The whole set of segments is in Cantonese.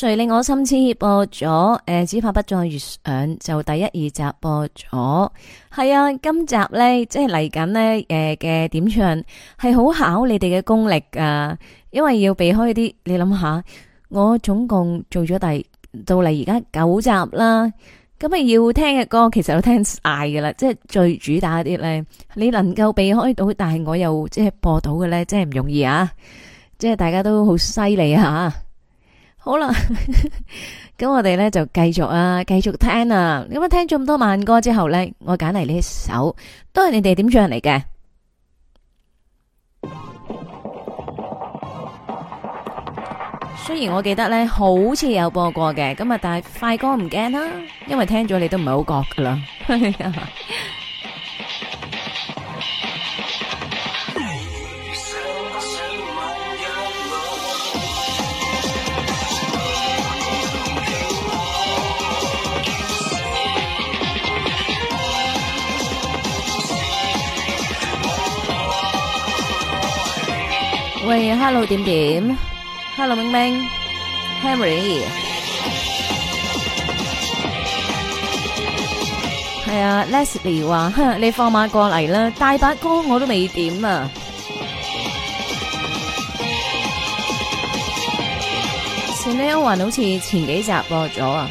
誰令我心痴？播咗誒，只怕不再遇上。就第一二集播咗，係啊，今集咧即係嚟緊咧誒嘅點唱，係好考你哋嘅功力㗎！因為要避開一啲，你諗下，我總共做咗第到嚟而家九集啦，咁啊要聽嘅歌其實都聽晒噶啦，即係最主打啲咧，你能夠避開到，但係我又即係播到嘅咧，真係唔容易啊！即係大家都好犀利啊！好啦，咁 我哋呢就繼續啊，繼續聽啊。咁我聽咗咁多慢歌之後呢，我揀嚟呢一首，都係你哋點唱嚟嘅。雖然我記得呢好似有播過嘅，咁啊，但係快歌唔驚啦，因為聽咗你都唔係好覺噶啦。 Hello 點點，Hello 明明，Henry，係、yeah, 啊，Leslie 話、hey, like,，你放馬過嚟啦，大把歌我都未點啊，小咩歐云好似前幾集播咗啊。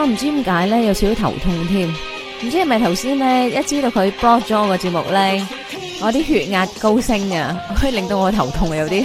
我唔知點解咧，有少少頭痛添，唔知係咪頭先咧一知道佢 block 咗我個節目咧，我啲血壓高升啊，可以令到我頭痛啊，有啲。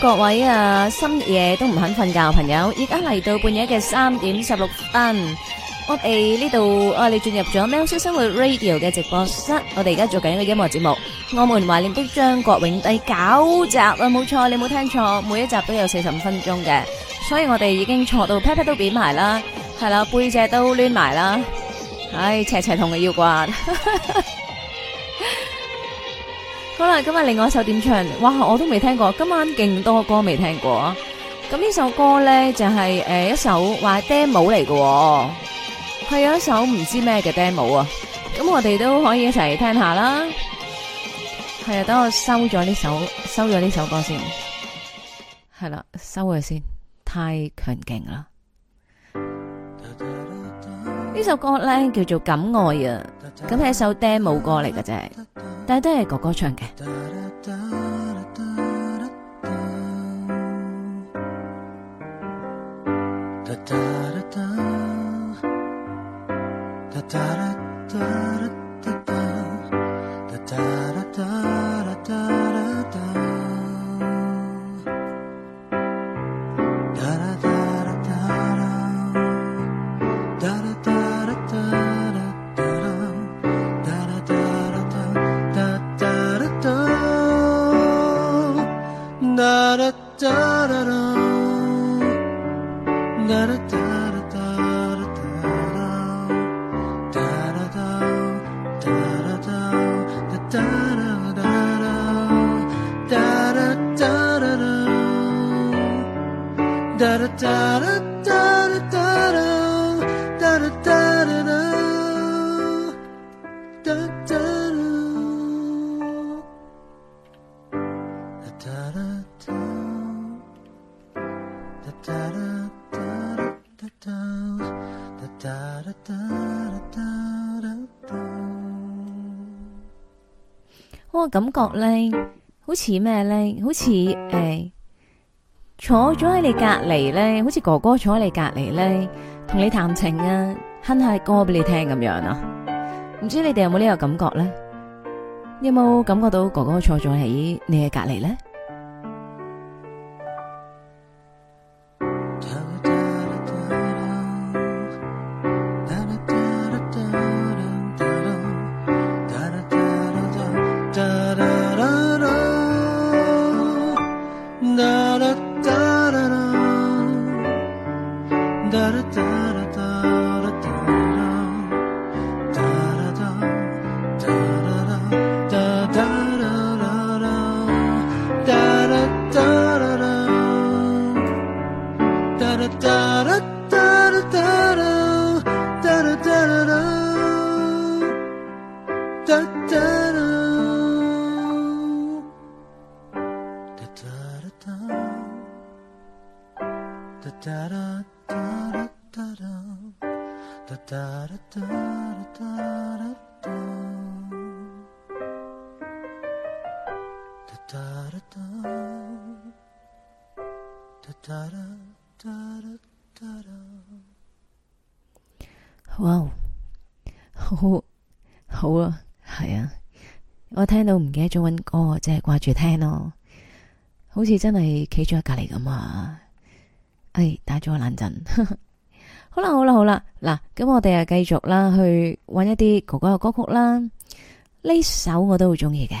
各位啊，深夜都唔肯瞓覺，朋友，而家嚟到半夜嘅三點十六分，我哋呢度，我哋進入咗喵式生活 Radio 嘅直播室，我哋而家做緊一個音樂節目《我們懷念的張國榮》第九集啊，冇錯，你冇聽錯，每一集都有四十五分鐘嘅，所以我哋已經坐到屁屁都扁埋啦，係啦，啊，背脊都攣埋啦，唉，斜斜痛嘅腰㗎。 好啦，今日另外一首點唱，哇，我都未聽過，今晚勁多歌未聽過啊！咁呢首歌咧就係、是、誒、呃、一首話 dance 嚟㗎嚟嘅，係、哦、一首唔知咩嘅 dance 舞啊！咁我哋都可以一齊聽一下啦。係啊，等我收咗呢首，收咗呢首歌先。係啦，收佢先，太強勁啦！呢首歌咧叫做《敢愛》啊，咁係一首 dance 舞歌嚟嘅，真大家都係哥哥唱嘅。 我感覺咧，好似咩咧，好似誒、哎，坐咗喺你隔籬咧，好似哥哥坐喺你隔籬咧，同你談情啊，哼下歌俾你聽咁樣啊，唔知你哋有冇呢個感覺咧？你有冇感覺到哥哥坐咗喺你嘅隔籬咧？ 好，好啊，係啊，我聽到唔記得咗搵歌，即係掛住聽咯，好似真係企咗喺隔籬咁啊！哎，打咗個冷震，好啦好啦好啦，嗱，咁我哋啊繼續啦，去搵一啲哥哥嘅歌曲啦，呢首我都好中意嘅。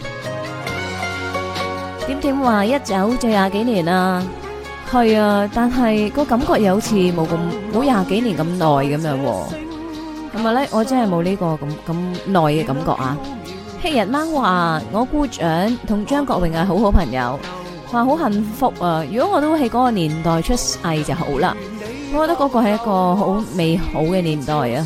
點點話一走就廿幾年啦，係啊，但係個感覺又好似冇咁冇廿幾年咁耐咁樣，係咪咧？我真係冇呢個咁咁耐嘅感覺啊！黑人貓話：我姑丈同張國榮係好好朋友，話好幸福啊！如果我都喺嗰個年代出世就好啦，我覺得嗰個係一個好美好嘅年代啊！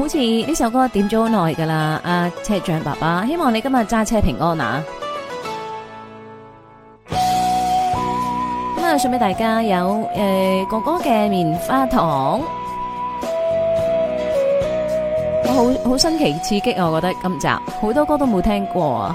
好似呢首歌點咗好耐㗎喇，阿、啊、車長爸爸，希望你今日揸車平安啊！咁 啊，送俾大家有誒、呃、哥哥嘅棉花糖，我、 啊、好好新奇刺激，我覺得今集好多歌都冇聽過啊！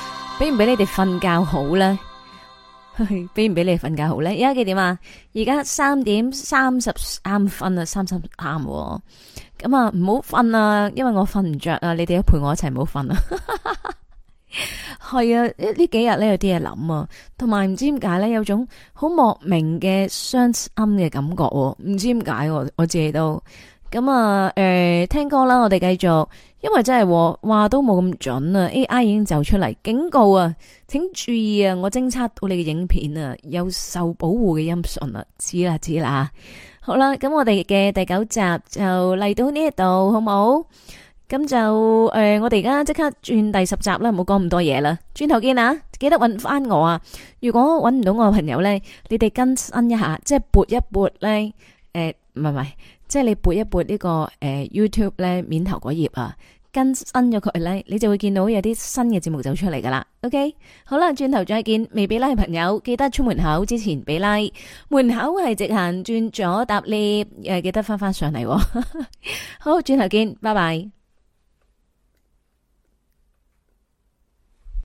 俾唔俾你哋瞓覺好咧？俾唔俾你哋瞓覺好咧？而家幾點啊？而家三點三十三分啊，三十三咁啊，唔好瞓啊，因為我瞓唔着啊，你哋都陪我一齊唔好瞓啊。係 啊，這幾天呢幾日咧有啲嘢諗啊，同埋唔知點解咧，有種好莫名嘅傷心嘅感覺，唔知點解我自己都。咁啊！誒，聽歌啦，我哋繼續，因為真係話都冇咁準啊。AI 已經走出嚟警告啊，請注意啊！我偵測到你嘅影片啊，有受保護嘅音訊啊，知啦知啦。好啦，咁我哋嘅第九集就嚟到呢度，好冇？咁就誒，我哋而家即刻轉第十集啦，唔好講咁多嘢啦，轉頭見啊！記得揾翻我啊。如果揾唔到我嘅朋友咧，你哋更新一下，即係撥一撥咧。誒，唔係唔係。即係你撥一撥、這個呃、呢個誒 YouTube 咧面頭嗰頁啊，更新咗佢咧，你就會見到有啲新嘅節目走出嚟噶啦。OK，好啦，轉頭再見，未俾拉嘅朋友記得出門口之前俾拉，門口係直行轉左搭 lift，誒記得翻翻上嚟、哦。好，轉頭見，拜拜。